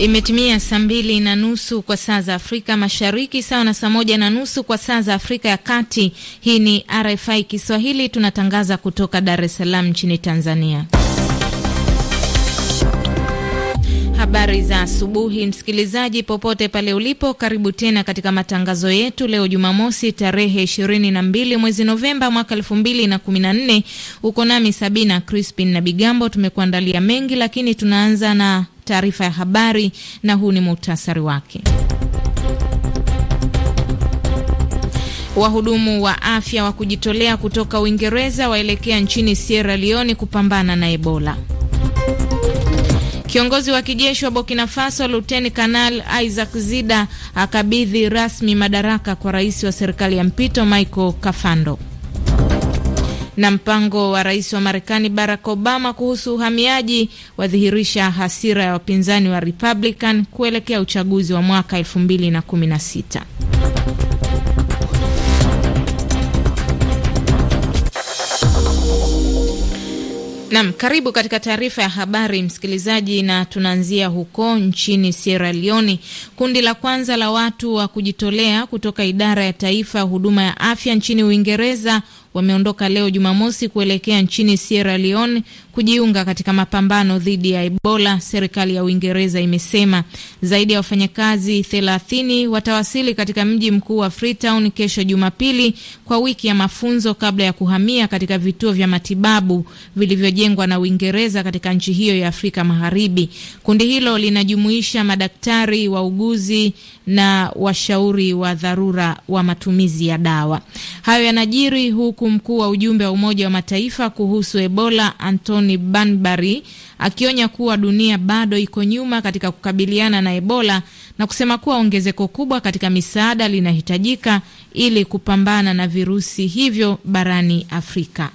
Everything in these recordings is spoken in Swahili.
Imetimia saa mbili na nusu kwa saa za Afrika Mashariki, sawa na saa moja na nusu kwa saa za Afrika ya Kati. Hii ni RFI Kiswahili, tunatangaza kutoka Dar es Salaam nchini Tanzania. Habari za asubuhi, msikilizaji popote pale ulipo, karibu tena katika matangazo yetu leo Jumamosi tarehe 22 mwezi Novemba mwaka 2014. Uko nami Sabina Crispin na Bigambo. Tumekuandalia mengi, lakini tunaanza na taarifa ya habari na huu ni muhtasari wake. Wahudumu wa afya wa kujitolea kutoka Uingereza waelekea nchini Sierra Leone kupambana na Ebola. Kiongozi wa kijeshi wa Burkina Faso Luteni Kanal Isaac Zida akabidhi rasmi madaraka kwa rais wa serikali ya mpito Michael Kafando na mpango wa rais wa Marekani Barack Obama kuhusu uhamiaji wadhihirisha hasira ya wapinzani wa Republican kuelekea uchaguzi wa mwaka 2016. Nam, karibu katika taarifa ya habari msikilizaji, na tunaanzia huko nchini Sierra Leone. Kundi la kwanza la watu wa kujitolea kutoka idara ya taifa ya huduma ya afya nchini Uingereza wameondoka leo Jumamosi kuelekea nchini Sierra Leone kujiunga katika mapambano dhidi ya Ebola, serikali ya Uingereza imesema zaidi ya wafanyakazi 30 watawasili katika mji mkuu wa Freetown kesho Jumapili kwa wiki ya mafunzo kabla ya kuhamia katika vituo vya matibabu vilivyojengwa na Uingereza katika nchi hiyo ya Afrika Magharibi. Kundi hilo linajumuisha madaktari, wauguzi na washauri wa dharura wa matumizi ya dawa. Hayo yanajiri huku mkuu wa ujumbe wa Umoja wa Mataifa kuhusu Ebola Antonio Anthony Banbury akionya kuwa dunia bado iko nyuma katika kukabiliana na Ebola na kusema kuwa ongezeko kubwa katika misaada linahitajika ili kupambana na virusi hivyo barani Afrika.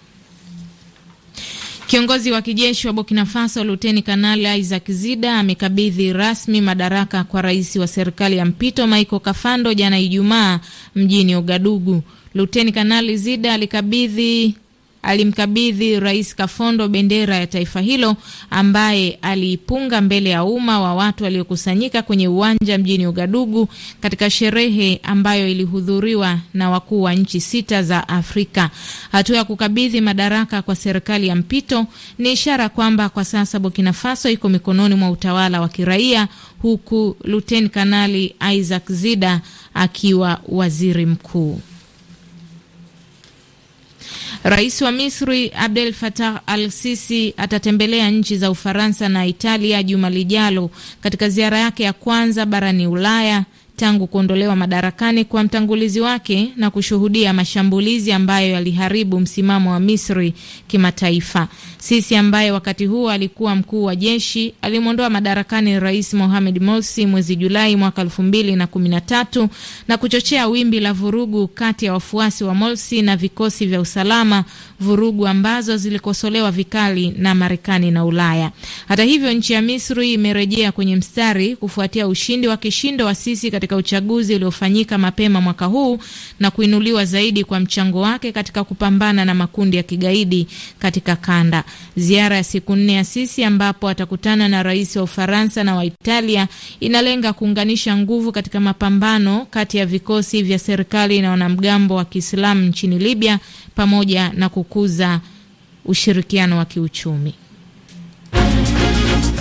Kiongozi wa kijeshi wa Burkina Faso Luteni Kanali Isaac Zida amekabidhi rasmi madaraka kwa rais wa serikali ya mpito Michael Kafando jana Ijumaa mjini ogadugu Luteni Kanali Zida alikabidhi alimkabidhi Rais Kafondo bendera ya taifa hilo ambaye aliipunga mbele ya umma wa watu waliokusanyika kwenye uwanja mjini Ugadugu katika sherehe ambayo ilihudhuriwa na wakuu wa nchi sita za Afrika. Hatua ya kukabidhi madaraka kwa serikali ya mpito ni ishara kwamba kwa sasa Burkina Faso iko mikononi mwa utawala wa kiraia huku Luteni Kanali Isaac Zida akiwa waziri mkuu. Rais wa Misri Abdel Fattah Al Sisi atatembelea nchi za Ufaransa na Italia juma lijalo katika ziara yake ya kwanza barani Ulaya tangu kuondolewa madarakani kwa mtangulizi wake na kushuhudia mashambulizi ambayo yaliharibu msimamo wa Misri kimataifa. Sisi ambaye wakati huo alikuwa mkuu wa jeshi alimwondoa madarakani Rais Mohamed Morsi mwezi Julai mwaka 2013 na kuchochea wimbi la vurugu kati ya wafuasi wa Morsi na vikosi vya usalama, vurugu ambazo zilikosolewa vikali na Marekani na Ulaya. Hata hivyo, nchi ya Misri imerejea kwenye mstari kufuatia ushindi wa kishindo wa Sisi katika katika uchaguzi uliofanyika mapema mwaka huu na kuinuliwa zaidi kwa mchango wake katika kupambana na makundi ya kigaidi katika kanda. Ziara ya siku nne ya Sisi ambapo atakutana na rais wa Ufaransa na wa Italia inalenga kuunganisha nguvu katika mapambano kati ya vikosi vya serikali na wanamgambo wa Kiislamu nchini Libya pamoja na kukuza ushirikiano wa kiuchumi.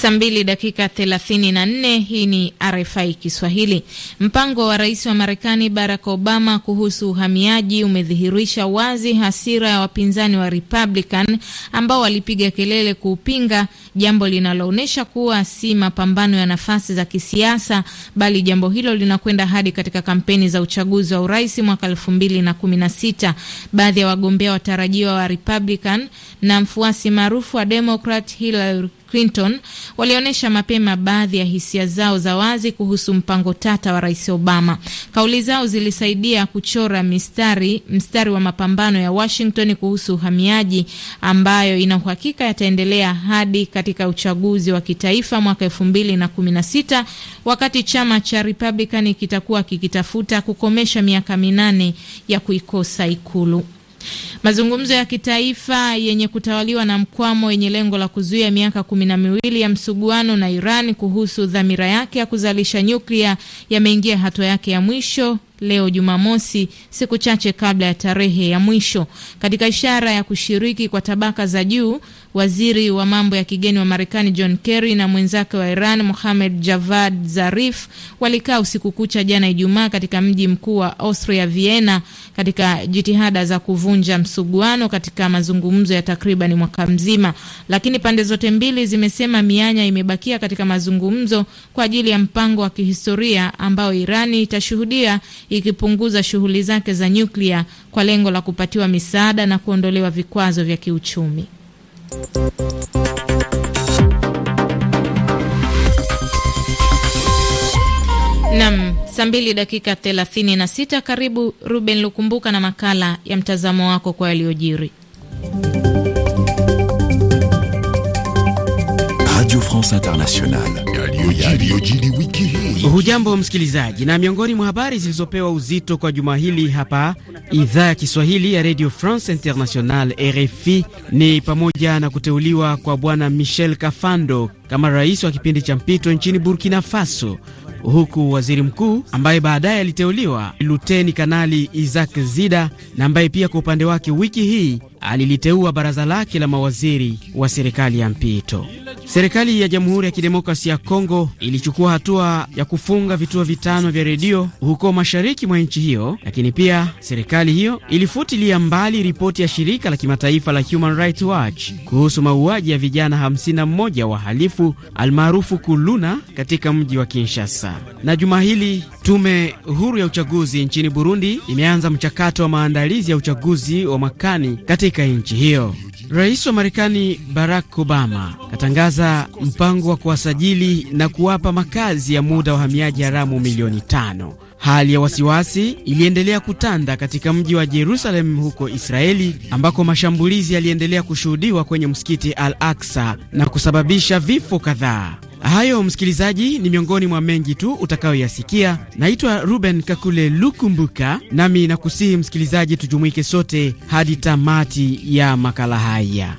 Saa mbili dakika 34. Hii ni RFI Kiswahili. Mpango wa rais wa Marekani Barack Obama kuhusu uhamiaji umedhihirisha wazi hasira ya wapinzani wa Republican ambao walipiga kelele kuupinga, jambo linaloonyesha kuwa si mapambano ya nafasi za kisiasa, bali jambo hilo linakwenda hadi katika kampeni za uchaguzi wa urais mwaka sita. Baadhi ya wagombea watarajiwa wa Republican na mfuasi maarufu wa Democrat Hillary Clinton walionyesha mapema baadhi ya hisia zao za wazi kuhusu mpango tata wa Rais Obama. Kauli zao zilisaidia kuchora mistari, mstari wa mapambano ya Washington kuhusu uhamiaji ambayo ina uhakika yataendelea hadi katika uchaguzi wa kitaifa mwaka sita wakati chama cha Republican kitakuwa kikitafuta kukomesha miaka minane ya kuikosa ikulu. Mazungumzo ya kitaifa yenye kutawaliwa na mkwamo yenye lengo la kuzuia miaka kumi na miwili ya msuguano na Iran kuhusu dhamira yake ya kuzalisha nyuklia yameingia hatua yake ya mwisho leo Jumamosi, siku chache kabla ya tarehe ya mwisho. Katika ishara ya kushiriki kwa tabaka za juu, waziri wa mambo ya kigeni wa Marekani John Kerry na mwenzake wa Iran Mohamed Javad Zarif walikaa usiku kucha jana Ijumaa katika mji mkuu wa Austria, Vienna, katika jitihada za kuvunja msuguano katika mazungumzo ya takriban mwaka mzima, lakini pande zote mbili zimesema mianya imebakia katika mazungumzo kwa ajili ya mpango wa kihistoria ambao Irani itashuhudia ikipunguza shughuli zake za nyuklia kwa lengo la kupatiwa misaada na kuondolewa vikwazo vya kiuchumi. Nam, saa mbili dakika 36. Karibu Ruben Lukumbuka na makala ya mtazamo wako kwa yaliyojiri. Radio France Internationale. Yaliyojiri wiki Hujambo msikilizaji, na miongoni mwa habari zilizopewa uzito kwa juma hili hapa idhaa ya Kiswahili ya Radio France International RFI ni pamoja na kuteuliwa kwa bwana Michel Kafando kama rais wa kipindi cha mpito nchini Burkina Faso, huku waziri mkuu ambaye baadaye aliteuliwa Luteni Kanali Isaac Zida na ambaye pia kwa upande wake wiki hii aliliteua baraza lake la mawaziri wa serikali ya mpito. Serikali ya Jamhuri ya Kidemokrasia ya Kongo ilichukua hatua ya kufunga vituo vitano vya redio huko mashariki mwa nchi hiyo, lakini pia serikali hiyo ilifutilia mbali ripoti ya shirika la kimataifa la Human Rights Watch kuhusu mauaji ya vijana 51 wahalifu almaarufu kuluna katika mji wa Kinshasa. Na juma hili tume huru ya uchaguzi nchini Burundi imeanza mchakato wa maandalizi ya uchaguzi wa mwakani katika nchi hiyo. Rais wa Marekani Barack Obama katangaza kutekeleza mpango wa kuwasajili na kuwapa makazi ya muda wahamiaji haramu milioni tano. Hali ya wasiwasi iliendelea kutanda katika mji wa Jerusalem huko Israeli, ambako mashambulizi yaliendelea kushuhudiwa kwenye msikiti Al Aksa na kusababisha vifo kadhaa. Hayo msikilizaji, ni miongoni mwa mengi tu utakayoyasikia. Naitwa Ruben Kakule Lukumbuka, nami nakusihi msikilizaji, tujumuike sote hadi tamati ya makala haya.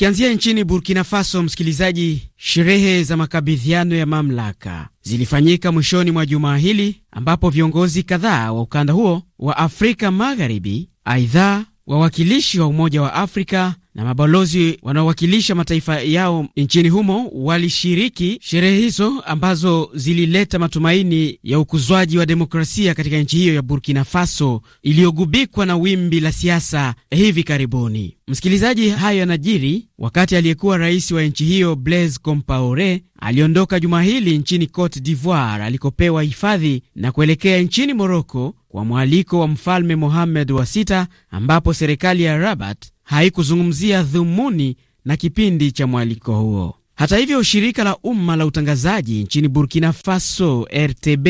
Tukianzia nchini Burkina Faso, msikilizaji, sherehe za makabidhiano ya mamlaka zilifanyika mwishoni mwa jumaa hili ambapo viongozi kadhaa wa ukanda huo wa Afrika Magharibi, aidha wawakilishi wa Umoja wa Afrika na mabalozi wanaowakilisha mataifa yao nchini humo walishiriki sherehe hizo ambazo zilileta matumaini ya ukuzwaji wa demokrasia katika nchi hiyo ya Burkina Faso iliyogubikwa na wimbi la siasa hivi karibuni. Msikilizaji, hayo yanajiri wakati aliyekuwa rais wa nchi hiyo Blaise Compaore aliondoka juma hili nchini Cote d'Ivoire alikopewa hifadhi na kuelekea nchini Moroko kwa mwaliko wa mfalme Mohammed wa sita, ambapo serikali ya Rabat haikuzungumzia dhumuni na kipindi cha mwaliko huo. Hata hivyo, shirika la umma la utangazaji nchini Burkina Faso RTB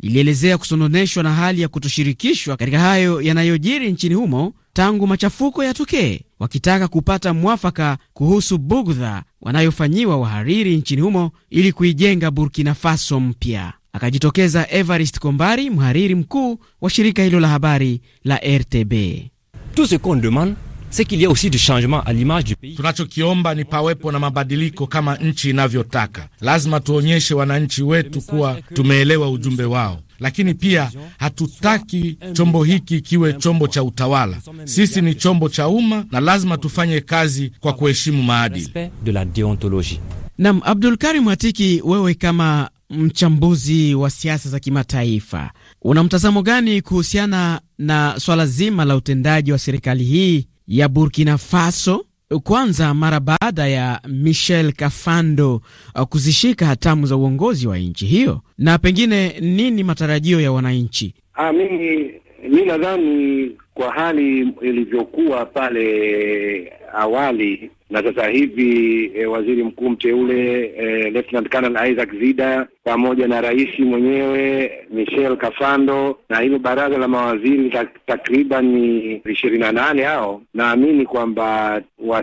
lilielezea kusononeshwa na hali ya kutoshirikishwa katika hayo yanayojiri nchini humo tangu machafuko yatokee, wakitaka kupata mwafaka kuhusu bugdha wanayofanyiwa wahariri nchini humo ili kuijenga Burkina Faso mpya. Akajitokeza Evarist Kombari, mhariri mkuu wa shirika hilo la habari la RTB. Tunachokiomba ni pawepo na mabadiliko kama nchi inavyotaka. Lazima tuonyeshe wananchi wetu kuwa tumeelewa ujumbe wao lakini pia hatutaki chombo hiki kiwe chombo cha utawala. Sisi ni chombo cha umma na lazima tufanye kazi kwa kuheshimu maadili. Nam Karim Hatiki, wewe kama mchambuzi wa siasa za kimataifa una mtazamo gani kuhusiana na swala zima la utendaji wa serikali hii ya Burkina Faso kwanza mara baada ya Michel Kafando uh, kuzishika hatamu za uongozi wa nchi hiyo, na pengine nini matarajio ya wananchi? Ah, mimi mi nadhani kwa hali ilivyokuwa pale awali na sasa hivi e, waziri mkuu mteule e, Lieutenant Colonel Isaac Zida pamoja na rais mwenyewe Michel Kafando na hilo baraza la mawaziri tak, takriban ishirini na nane hao, naamini kwamba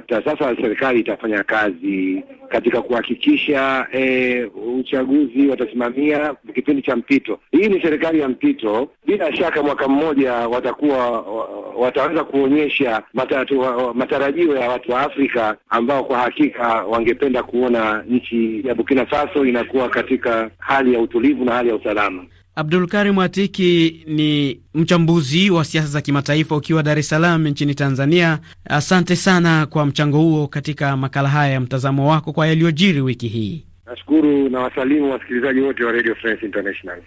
sasa serikali itafanya kazi katika kuhakikisha e, uchaguzi watasimamia kipindi cha mpito. Hii ni serikali ya mpito, bila shaka mwaka mmoja watakuwa wataweza kuonyesha matarajio ya watu wa Afrika ambao kwa hakika wangependa kuona nchi ya Burkina Faso inakuwa katika hali ya utulivu na hali ya usalama. abdul Karim Atiki ni mchambuzi wa siasa za kimataifa ukiwa Dar es Salaam nchini Tanzania. Asante sana kwa mchango huo katika makala haya ya mtazamo wako kwa yaliyojiri wiki hii. Nashukuru na wasalimu wasikilizaji wote wa Radio France International.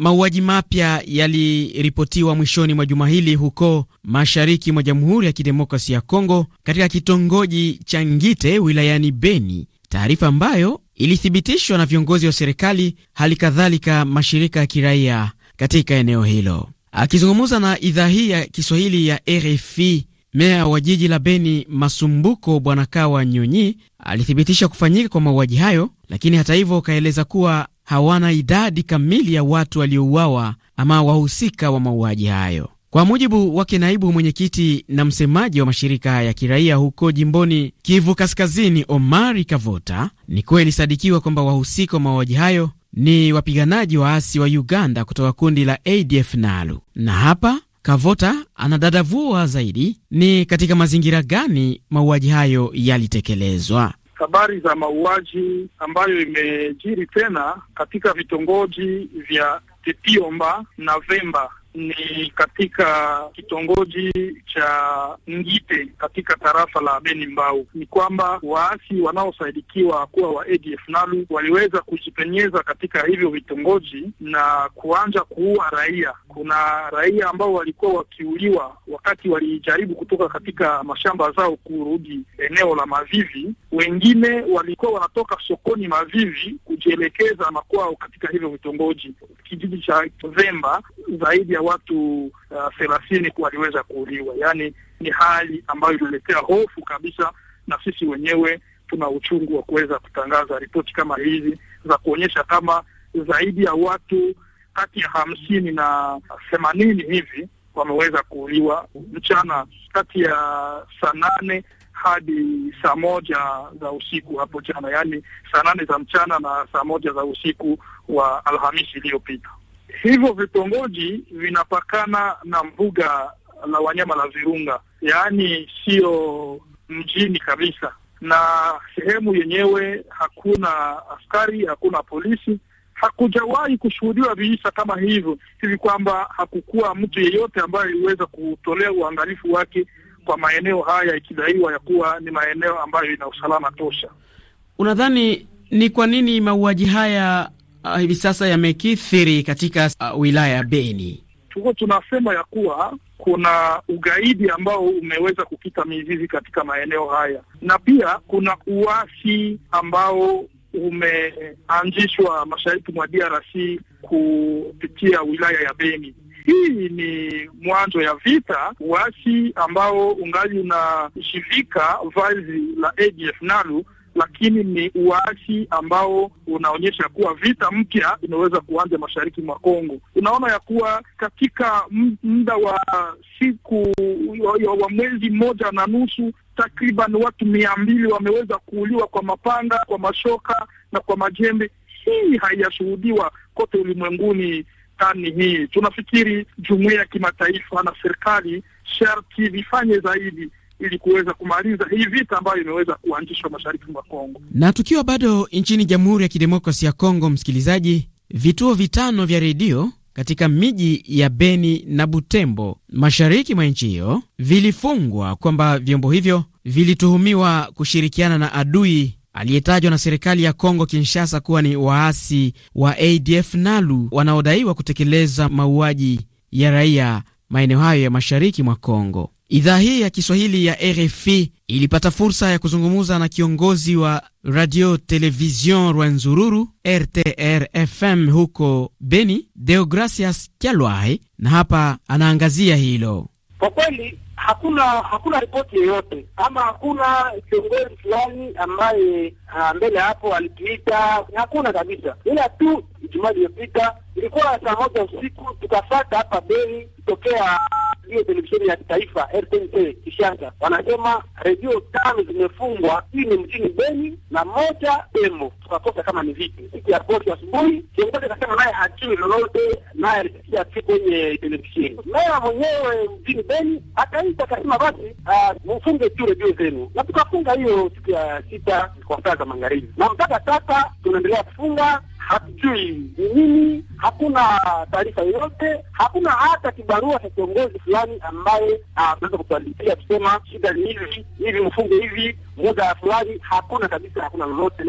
Mauaji mapya yaliripotiwa mwishoni mwa juma hili huko mashariki mwa Jamhuri ya kidemokrasi ya Kongo katika kitongoji cha Ngite wilayani Beni, taarifa ambayo ilithibitishwa na viongozi wa serikali, hali kadhalika mashirika ya kiraia katika eneo hilo. Akizungumza na idhaa hii ya Kiswahili ya RFI, meya wa jiji la Beni Masumbuko Bwana Kawa Nyonyi alithibitisha kufanyika kwa mauaji hayo, lakini hata hivyo kaeleza kuwa hawana idadi kamili ya watu waliouawa ama wahusika wa mauaji hayo. Kwa mujibu wake naibu mwenyekiti na msemaji wa mashirika ya kiraia huko jimboni Kivu Kaskazini, Omari Kavota, ni kweli ilisadikiwa kwamba wahusika wa mauaji hayo ni wapiganaji waasi wa Uganda kutoka kundi la ADF NALU. Na hapa Kavota anadadavua zaidi ni katika mazingira gani mauaji hayo yalitekelezwa habari za mauaji ambayo imejiri tena katika vitongoji vya Tepiomba na Vemba ni katika kitongoji cha Ngite katika tarafa la Beni Mbau. Ni kwamba waasi wanaosaidikiwa kuwa wa ADF Nalu waliweza kujipenyeza katika hivyo vitongoji na kuanza kuua raia. Kuna raia ambao walikuwa wakiuliwa wakati walijaribu kutoka katika mashamba zao kurudi eneo la Mavivi. Wengine walikuwa wanatoka sokoni Mavivi kujielekeza makwao katika hivyo vitongoji, kijiji cha Vemba zaidi ya watu uh, thelathini uh, waliweza kuuliwa. Yaani ni hali ambayo inaletea hofu kabisa, na sisi wenyewe tuna uchungu wa kuweza kutangaza ripoti kama hizi za kuonyesha kama zaidi ya watu kati ya hamsini na themanini hivi wameweza kuuliwa mchana kati ya saa nane hadi saa moja za usiku hapo jana, yaani saa nane za mchana na saa moja za usiku wa Alhamisi iliyopita. Hivyo vitongoji vinapakana na mbuga la wanyama la Virunga, yaani siyo mjini kabisa, na sehemu yenyewe hakuna askari, hakuna polisi. Hakujawahi kushuhudiwa visa kama hivyo hivi kwamba hakukuwa mtu yeyote ambaye aliweza kutolea uangalifu wake kwa maeneo haya, ikidaiwa ya kuwa ni maeneo ambayo ina usalama tosha. Unadhani ni kwa nini mauaji haya uh, hivi sasa yamekithiri katika uh, wilaya ya Beni. Tuko tunasema ya kuwa kuna ugaidi ambao umeweza kukita mizizi katika maeneo haya, na pia kuna uasi ambao umeanzishwa mashariki mwa DRC kupitia wilaya ya Beni. Hii ni mwanzo ya vita, uasi ambao ungali unashivika vazi la ADF NALU lakini ni uasi ambao unaonyesha kuwa vita mpya imeweza kuanza mashariki mwa Kongo. Unaona ya kuwa katika muda wa siku wa, wa mwezi mmoja na nusu takriban watu mia mbili wameweza kuuliwa kwa mapanga, kwa mashoka na kwa majembe. Hii haiyashuhudiwa kote ulimwenguni tani hii. Tunafikiri jumuiya ya kimataifa na serikali sharti vifanye zaidi ili kuweza kumaliza hii vita ambayo imeweza kuanzishwa mashariki mwa Kongo. Na tukiwa bado nchini Jamhuri ya Kidemokrasia ya Kongo, msikilizaji, vituo vitano vya redio katika miji ya Beni na Butembo mashariki mwa nchi hiyo vilifungwa kwamba vyombo hivyo vilituhumiwa kushirikiana na adui aliyetajwa na serikali ya Kongo Kinshasa kuwa ni waasi wa ADF Nalu wanaodaiwa kutekeleza mauaji ya raia maeneo hayo ya mashariki mwa Kongo. Idhaa hii ya Kiswahili ya RFI ilipata fursa ya kuzungumza na kiongozi wa Radio Television Rwenzururu RTR FM huko Beni, Deogracias Kyalwai, na hapa anaangazia hilo. Kwa kweli hakuna hakuna ripoti yoyote ama hakuna kiongozi fulani ambaye ah, mbele hapo alituita, hakuna kabisa, ila tu Ijumaa iliyopita ilikuwa saa moja usiku tukafata hapa Beni tokea hiyo televisheni ya taifa RTNC Kishanga, wanasema redio tano zimefungwa. ine mjini Beni na moja Embo. Tukakosa kama ni vipi. Siku ya posho asubuhi, kiongozi akasema naye ajui lolote, naye alisikia tu kwenye televisheni. Meya mwenyewe mjini Beni akaita akasema, basi ah, mfunge tu redio zenu, na tukafunga hiyo siku ya sita kwa saa za magharibi, na mpaka sasa tunaendelea kufunga hatujui ni nini, hakuna taarifa yoyote, hakuna hata kibarua cha kiongozi fulani ambaye anaweza ah, kutuandikia kusema shida ni hivi hivi, mfunge hivi muda fulani. Hakuna kabisa, hakuna lolote.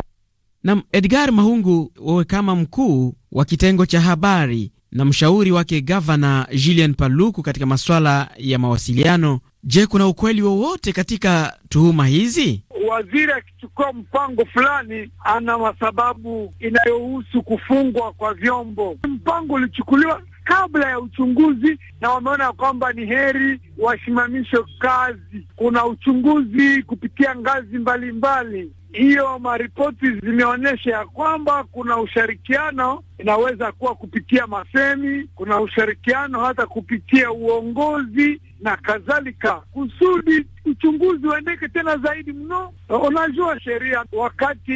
Nam Edgar Mahungu, wewe kama mkuu wa kitengo cha habari na mshauri wake gavana Julien Paluku katika masuala ya mawasiliano, je, kuna ukweli wowote katika tuhuma hizi? waziri akichukua mpango fulani ana masababu inayohusu kufungwa kwa vyombo. Mpango ulichukuliwa kabla ya uchunguzi na wameona kwamba ni heri wasimamishe kazi. Kuna uchunguzi kupitia ngazi mbalimbali hiyo mbali. Maripoti zimeonyesha ya kwamba kuna ushirikiano inaweza kuwa kupitia masemi, kuna ushirikiano hata kupitia uongozi na kadhalika, kusudi uchunguzi uendeke tena zaidi mno. Unajua, sheria wakati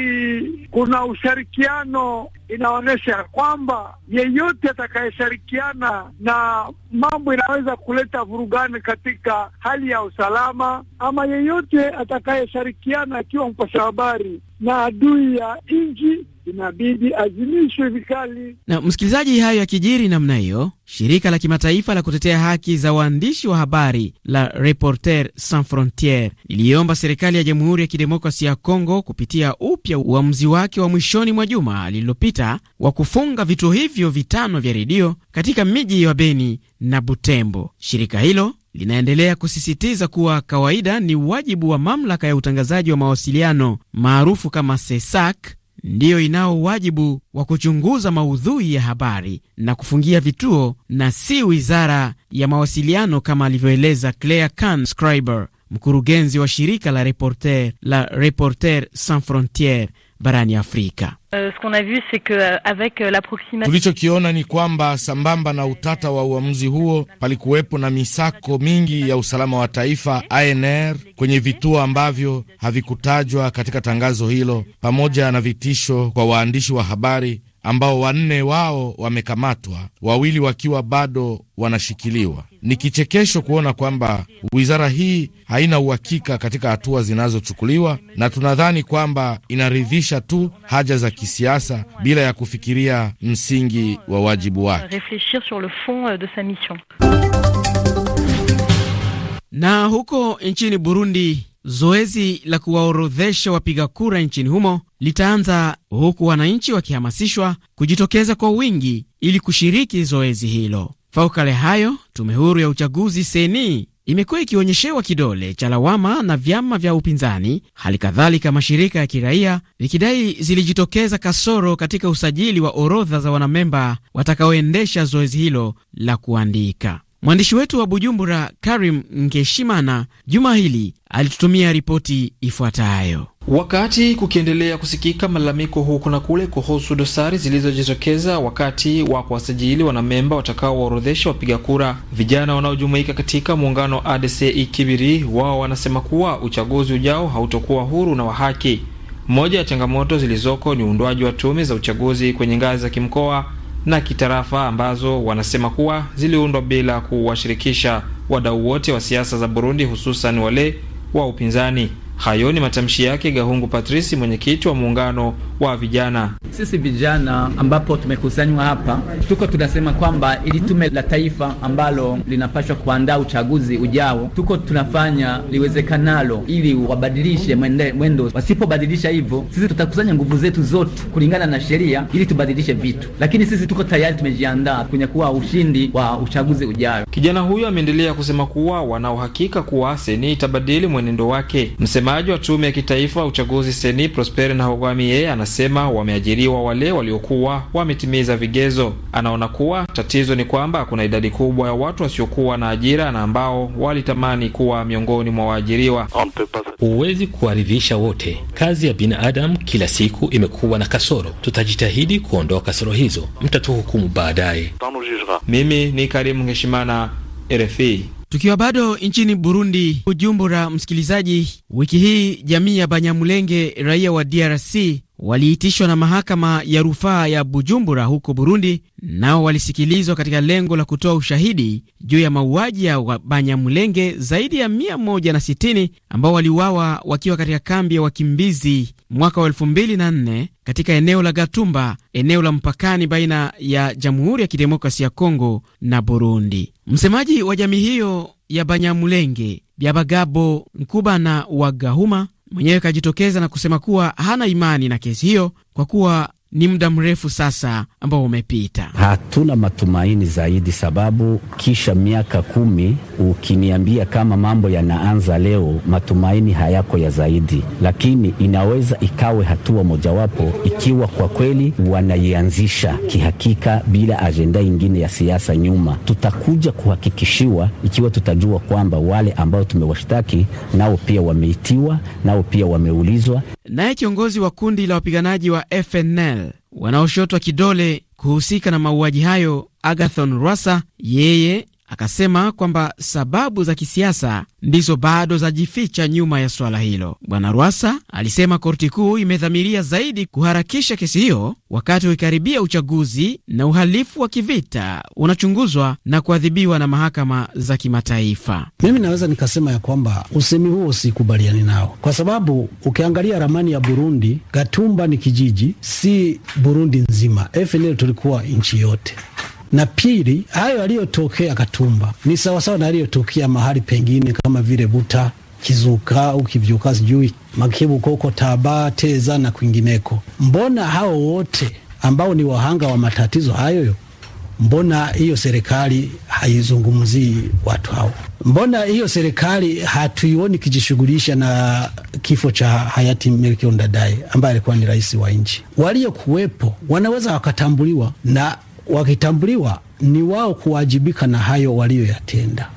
kuna ushirikiano inaonyesha ya kwamba yeyote atakayeshirikiana na mambo inaweza kuleta vurugani katika hali ya usalama, ama yeyote atakayeshirikiana akiwa mpasha habari na adui ya nchi inabidi azimishwe vikali. Na msikilizaji, hayo yakijiri namna hiyo, shirika la kimataifa la kutetea haki za waandishi wa habari la Reporter Sans Frontiere liliomba serikali ya Jamhuri ya kidemokrasi ya Kongo kupitia upya uamuzi wake wa mwishoni mwa juma lililopita wa kufunga vituo hivyo vitano vya redio katika miji ya Beni na Butembo. Shirika hilo linaendelea kusisitiza kuwa kawaida ni wajibu wa mamlaka ya utangazaji wa mawasiliano maarufu kama SESAC ndiyo inao wajibu wa kuchunguza maudhui ya habari na kufungia vituo na si wizara ya mawasiliano, kama alivyoeleza Claire Can Scriber, mkurugenzi wa shirika la Reporter la Reporter Sans frontiere barani Afrika. Euh, euh, euh, tulichokiona ni kwamba sambamba na utata wa uamuzi huo, palikuwepo na misako mingi ya usalama wa taifa ANR kwenye vituo ambavyo havikutajwa katika tangazo hilo, pamoja na vitisho kwa waandishi wa habari ambao wanne wao wamekamatwa, wawili wakiwa bado wanashikiliwa. Ni kichekesho kuona kwamba wizara hii haina uhakika katika hatua zinazochukuliwa, na tunadhani kwamba inaridhisha tu haja za kisiasa bila ya kufikiria msingi wa wajibu wake. Euh, na huko nchini Burundi, zoezi la kuwaorodhesha wapiga kura nchini humo litaanza huku wananchi wakihamasishwa kujitokeza kwa wingi ili kushiriki zoezi hilo. Faukale hayo, tume huru ya uchaguzi seni imekuwa ikionyeshewa kidole cha lawama na vyama vya upinzani, hali kadhalika mashirika ya kiraia vikidai zilijitokeza kasoro katika usajili wa orodha za wanamemba watakaoendesha zoezi hilo la kuandika. Mwandishi wetu wa Bujumbura, Karim Ngeshimana, juma hili alitutumia ripoti ifuatayo. Wakati kukiendelea kusikika malalamiko huku na kule kuhusu dosari zilizojitokeza wakati wa kuwasajili wanamemba watakaowaorodhesha wapiga kura, vijana wanaojumuika katika muungano wa ADC Kibiri wao wanasema kuwa uchaguzi ujao hautokuwa huru na wa haki. Moja ya changamoto zilizoko ni uundwaji wa tume za uchaguzi kwenye ngazi za kimkoa na kitarafa ambazo wanasema kuwa ziliundwa bila kuwashirikisha wadau wote wa siasa za Burundi, hususan wale wa upinzani. Hayo ni matamshi yake Gahungu Patrisi, mwenyekiti wa muungano wa vijana. Sisi vijana ambapo tumekusanywa hapa, tuko tunasema kwamba ili tume la taifa ambalo linapaswa kuandaa uchaguzi ujao, tuko tunafanya liwezekanalo ili wabadilishe mwende, mwendo. Wasipobadilisha hivyo, sisi tutakusanya nguvu zetu zote kulingana na sheria ili tubadilishe vitu, lakini sisi tuko tayari, tumejiandaa kunyakuwa ushindi wa uchaguzi ujao. Kijana huyo ameendelea kusema kuwa wanaohakika kuwa seni itabadili mwenendo wake. Msemaji wa tume ya kitaifa uchaguzi seni Prosper na yeye ana anasema wameajiriwa wale waliokuwa wametimiza vigezo. Anaona kuwa tatizo ni kwamba kuna idadi kubwa ya watu wasiokuwa na ajira na ambao walitamani kuwa miongoni mwa waajiriwa. Huwezi kuwaridhisha wote. Kazi ya binadamu kila siku imekuwa na kasoro, tutajitahidi kuondoa kasoro hizo, mtatuhukumu baadaye. Mimi ni Karimu Heshimana, RFI. Tukiwa bado nchini Burundi, Bujumbura msikilizaji, wiki hii jamii ya Banyamulenge, raia wa DRC waliitishwa na mahakama ya rufaa ya Bujumbura huko Burundi, nao walisikilizwa katika lengo la kutoa ushahidi juu ya mauaji ya Banyamulenge zaidi ya 160 ambao waliuawa wakiwa katika kambi ya wakimbizi mwaka wa 2004 katika eneo la Gatumba, eneo la mpakani baina ya Jamhuri ya Kidemokrasi ya Kongo na Burundi. Msemaji wa jamii hiyo ya Banyamulenge, Byabagabo Nkubana gahuma mwenyewe kajitokeza na kusema kuwa hana imani na kesi hiyo kwa kuwa ni muda mrefu sasa ambao umepita. Hatuna matumaini zaidi, sababu kisha miaka kumi, ukiniambia kama mambo yanaanza leo, matumaini hayako ya zaidi, lakini inaweza ikawe hatua mojawapo, ikiwa kwa kweli wanaianzisha kihakika, bila ajenda ingine ya siasa nyuma. Tutakuja kuhakikishiwa ikiwa tutajua kwamba wale ambao tumewashtaki nao pia wameitiwa, nao pia wameulizwa naye kiongozi wa kundi la wapiganaji wa FNL wanaoshotwa kidole kuhusika na mauaji hayo Agathon Rwasa, yeye Akasema kwamba sababu za kisiasa ndizo bado zajificha nyuma ya swala hilo. Bwana Rwasa alisema korti kuu imedhamiria zaidi kuharakisha kesi hiyo wakati ukikaribia uchaguzi, na uhalifu wa kivita unachunguzwa na kuadhibiwa na mahakama za kimataifa. Mimi naweza nikasema ya kwamba usemi huo sikubaliani nao, kwa sababu ukiangalia ramani ya Burundi, Gatumba ni kijiji, si Burundi nzima. FNL tulikuwa nchi yote na pili, hayo aliyotokea Katumba ni sawasawa na aliyotokea mahali pengine kama vile Buta, Kizuka au Kivyuka, sijui Makibu, Koko, Taba, Teza na kwingineko. Mbona hao wote ambao ni wahanga wa matatizo hayo mbona hiyo serikali haizungumzii watu hao? Mbona hiyo serikali hatuioni kijishughulisha na kifo cha hayati Melkio Ndadaye ambaye alikuwa ni rais wa nchi? Waliokuwepo wanaweza wakatambuliwa na wakitambuliwa, ni wao kuwajibika na hayo waliyoyatenda.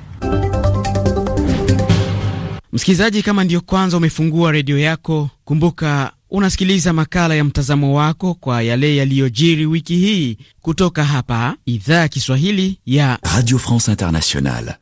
Msikilizaji, kama ndiyo kwanza umefungua redio yako, kumbuka unasikiliza makala ya mtazamo wako kwa yale yaliyojiri wiki hii kutoka hapa idhaa ya Kiswahili ya Radio France Internationale.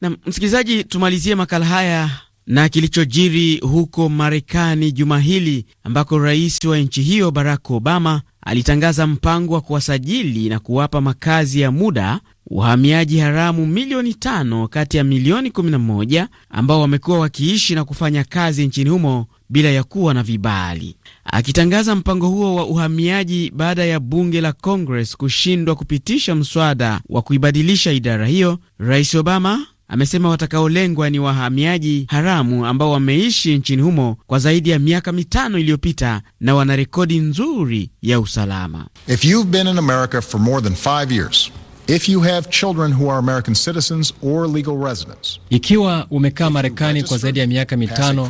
Na msikilizaji, tumalizie makala haya na kilichojiri huko Marekani juma hili ambako rais wa nchi hiyo Barack Obama alitangaza mpango wa kuwasajili na kuwapa makazi ya muda wahamiaji haramu milioni tano kati ya milioni 11 ambao wamekuwa wakiishi na kufanya kazi nchini humo bila ya kuwa na vibali. Akitangaza mpango huo wa uhamiaji baada ya bunge la Congress kushindwa kupitisha mswada wa kuibadilisha idara hiyo, Rais Obama amesema watakaolengwa ni wahamiaji haramu ambao wameishi nchini humo kwa zaidi ya miaka mitano iliyopita na wana rekodi nzuri ya usalama. If you've been in America for more than five years, if you have children who are American citizens or legal residents, ikiwa umekaa Marekani kwa zaidi ya miaka mitano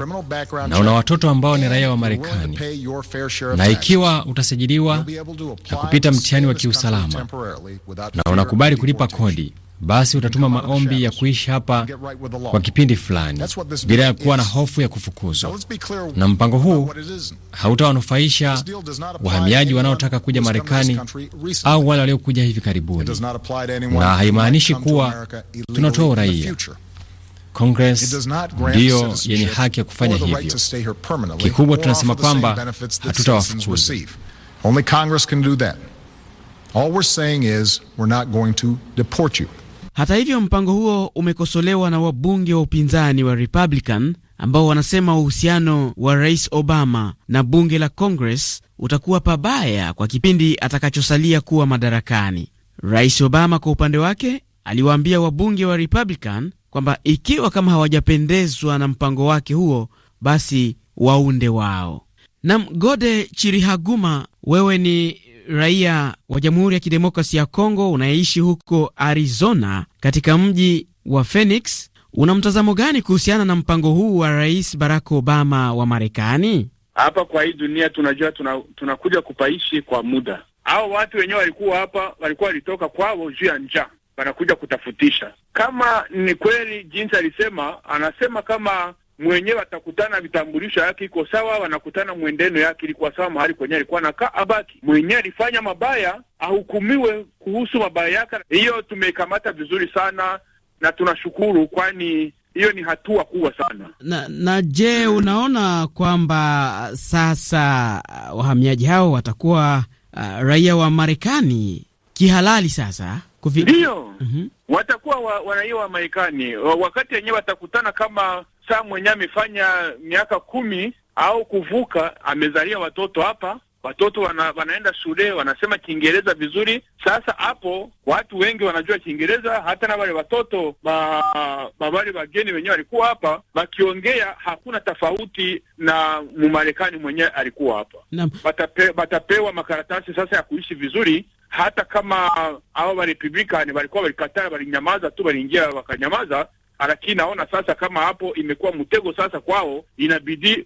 na una watoto ambao ni raia wa Marekani, na ikiwa utasajiliwa na kupita mtihani wa kiusalama na unakubali kulipa kodi basi utatuma maombi ya kuishi hapa kwa kipindi fulani bila ya kuwa na hofu ya kufukuzwa. Na mpango huu hautawanufaisha wahamiaji wanaotaka kuja Marekani au wale waliokuja hivi karibuni, na haimaanishi kuwa tunatoa uraia. Kongres ndiyo yenye haki ya kufanya hivyo. Kikubwa tunasema kwamba hatutawafukuza. All we're saying is we're not going to deport you. Hata hivyo, mpango huo umekosolewa na wabunge wa upinzani wa Republican ambao wanasema uhusiano wa Rais Obama na bunge la Congress utakuwa pabaya kwa kipindi atakachosalia kuwa madarakani. Rais Obama kwa upande wake aliwaambia wabunge wa Republican kwamba ikiwa kama hawajapendezwa na mpango wake huo, basi waunde wao. Nam Gode Chirihaguma, wewe ni raia wa Jamhuri ya Kidemokrasi ya Kongo unayeishi huko Arizona katika mji wa Phoenix, una mtazamo gani kuhusiana na mpango huu wa Rais Barack Obama wa Marekani? Hapa kwa hii dunia tunajua tunakuja tuna kupaishi kwa muda. Hao watu wenyewe walikuwa hapa, walikuwa walitoka kwao juu ya njaa, wanakuja kutafutisha. Kama ni kweli jinsi alisema, anasema kama mwenye watakutana vitambulisho yake iko sawa, wanakutana mwendeno yake ilikuwa sawa, mahali kwenye alikuwa nakaa abaki. Mwenye alifanya mabaya ahukumiwe kuhusu mabaya yake. Hiyo tumeikamata vizuri sana na tunashukuru, kwani hiyo ni hatua kubwa sana. Na, na je, unaona kwamba sasa wahamiaji hao watakuwa uh, raia wa Marekani kihalali sasa? ndio mm -hmm. watakuwa waraia wa Marekani wakati wenyewe watakutana, kama saa mwenyewe amefanya miaka kumi au kuvuka, amezalia watoto hapa watoto wana, wanaenda shule wanasema Kiingereza vizuri. Sasa hapo watu wengi wanajua Kiingereza, hata na wale watoto ma wale wageni wenyewe walikuwa hapa wakiongea, hakuna tofauti na Mmarekani mwenyewe alikuwa hapa. Watape, watapewa makaratasi sasa ya kuishi vizuri, hata kama hawa ba Republikani balikuwa balikatara balinyamaza tu, waliingia bakanyamaza, lakini naona sasa kama hapo imekuwa mtego sasa kwao, inabidi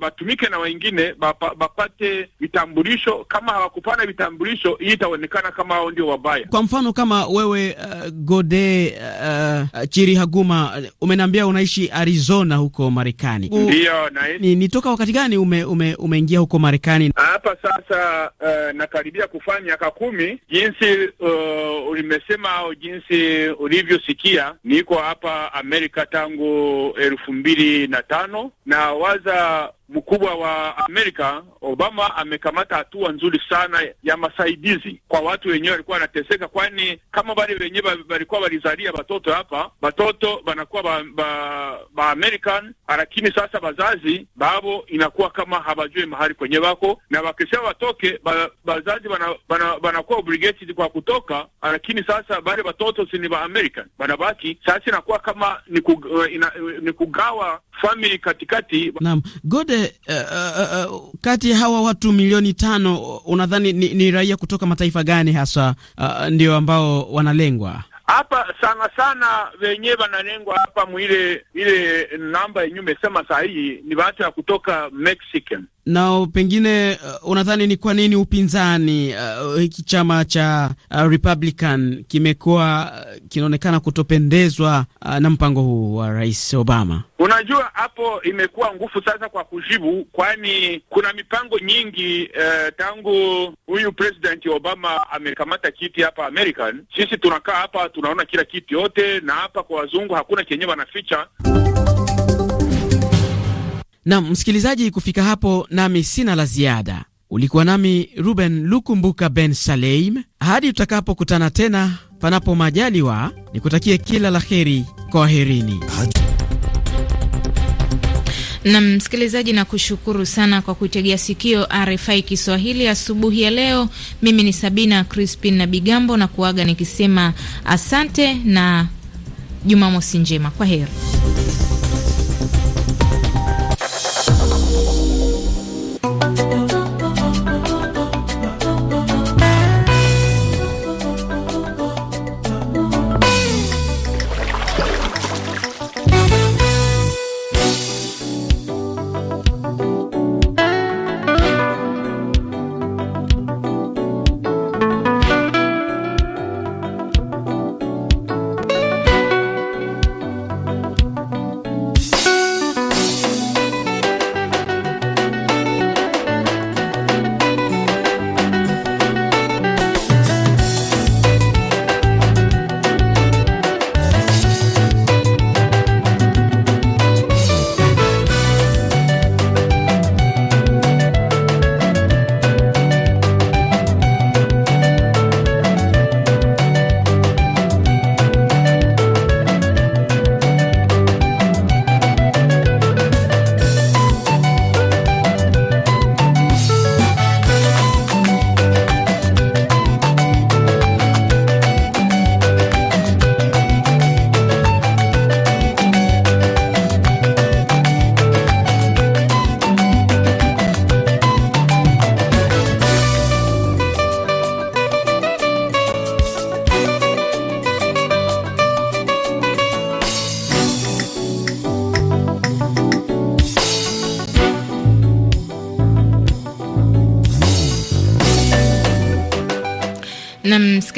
watumike ba, ba, na wengine bapate ba, vitambulisho. Kama hawakupana vitambulisho, hii itaonekana kama hao ndio wabaya. Kwa mfano kama wewe uh, Gode uh, uh Chirihaguma, umeniambia unaishi Arizona huko Marekani, ndio ni, ni toka wakati gani umeingia ume, ume huko Marekani? Hapa sasa uh, nakaribia kufanya miaka kumi, jinsi uh, ulimesema au jinsi ulivyosikia niko hapa Amerika tangu elfu mbili na tano na waza mkubwa wa Amerika, Obama amekamata hatua nzuri sana ya masaidizi kwa watu wenyewe walikuwa wanateseka, kwani kama wale wenyewe walikuwa walizalia watoto hapa, watoto wanakuwa ba, ba, ba American, lakini sasa bazazi babo inakuwa kama hawajue mahali kwenye wako, na wakisha watoke ba, bazazi wanakuwa obligated kwa kutoka, lakini sasa wale watoto si ni ba American wanabaki sasa, inakuwa kama ni eh, kugawa family katikati. Naam, Gode uh, uh, kati ya hawa watu milioni tano unadhani ni, ni raia kutoka mataifa gani hasa uh, ndio ambao wanalengwa? Hapa sana sana wenyewe wanalengwa hapa mwile ile namba yenye umesema sahihi ni watu ya kutoka Mexican na pengine uh, unadhani ni kwa nini upinzani uh, hiki uh, chama cha uh, Republican kimekuwa uh, kinaonekana kutopendezwa uh, na mpango huu wa Rais Obama? Unajua, hapo imekuwa nguvu sasa kwa kujibu, kwani kuna mipango nyingi eh, tangu huyu President Obama amekamata kiti hapa American. Sisi tunakaa hapa tunaona kila kitu yote, na hapa kwa wazungu hakuna kenye wanaficha na msikilizaji, kufika hapo nami sina la ziada. Ulikuwa nami Ruben Lukumbuka Ben Saleim hadi tutakapokutana tena, panapo majaliwa, nikutakie kila la heri. Kwaherini. Na msikilizaji, na kushukuru sana kwa kuitegea sikio RFI Kiswahili asubuhi ya leo. Mimi ni Sabina Crispin na Bigambo na kuaga nikisema asante na Jumamosi njema, kwa heri.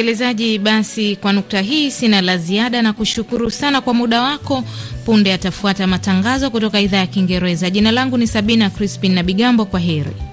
Msikilizaji, basi kwa nukta hii sina la ziada na kushukuru sana kwa muda wako. Punde atafuata matangazo kutoka idhaa ya Kiingereza. Jina langu ni Sabina Crispin na Bigambo. Kwa heri.